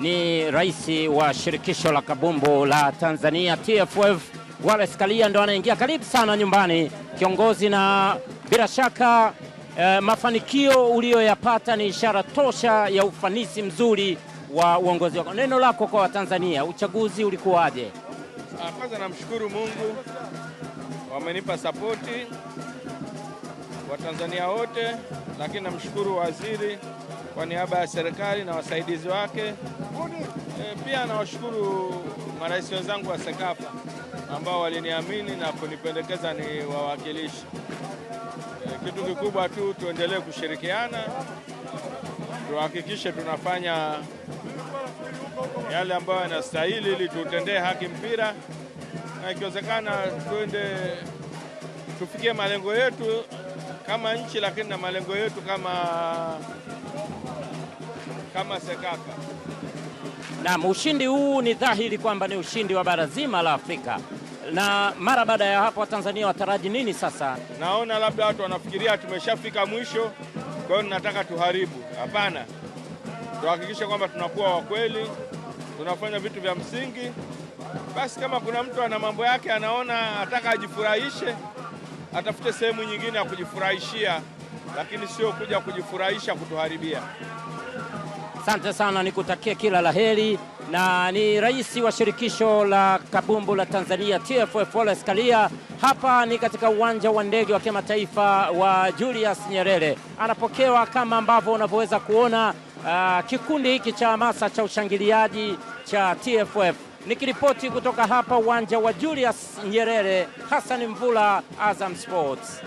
ni rais wa shirikisho la kabumbu la Tanzania TFF Wallace Karia ndo anaingia. Karibu sana nyumbani kiongozi, na bila shaka eh, mafanikio uliyoyapata ni ishara tosha ya ufanisi mzuri wa uongozi wako. Neno lako kwa Watanzania, uchaguzi ulikuwaje? Ah, kwanza namshukuru Mungu wamenipa sapoti Watanzania wote, lakini namshukuru waziri kwa niaba ya serikali na wasaidizi wake e, pia nawashukuru marais wenzangu wa Sekafa ambao waliniamini na kunipendekeza ni wawakilishi. E, kitu kikubwa tu tuendelee kushirikiana, tuhakikishe tunafanya yale ambayo yanastahili ili tutendee haki mpira, na ikiwezekana tuende tufikie malengo yetu kama nchi, lakini na malengo yetu kama kama Sekaka. Naam, ushindi huu ni dhahiri kwamba ni ushindi wa bara zima la Afrika na mara baada ya hapo Watanzania wataraji nini sasa? Naona labda watu wanafikiria tumeshafika mwisho, kwa hiyo tunataka tuharibu. Hapana, tuhakikishe kwamba tunakuwa wakweli, tunafanya vitu vya msingi. Basi kama kuna mtu ana mambo yake anaona ataka ajifurahishe, atafute sehemu nyingine ya kujifurahishia, lakini sio kuja kujifurahisha kutuharibia. Asante sana, nikutakie kila la heri. Na ni rais wa shirikisho la kabumbu la Tanzania TFF Wallace Karia. Hapa ni katika uwanja wa ndege wa kimataifa wa Julius Nyerere, anapokewa kama ambavyo unavyoweza kuona. Uh, kikundi hiki cha hamasa cha ushangiliaji cha TFF Nikiripoti kutoka hapa uwanja wa Julius Nyerere, Hassan Mvula, Azam Sports.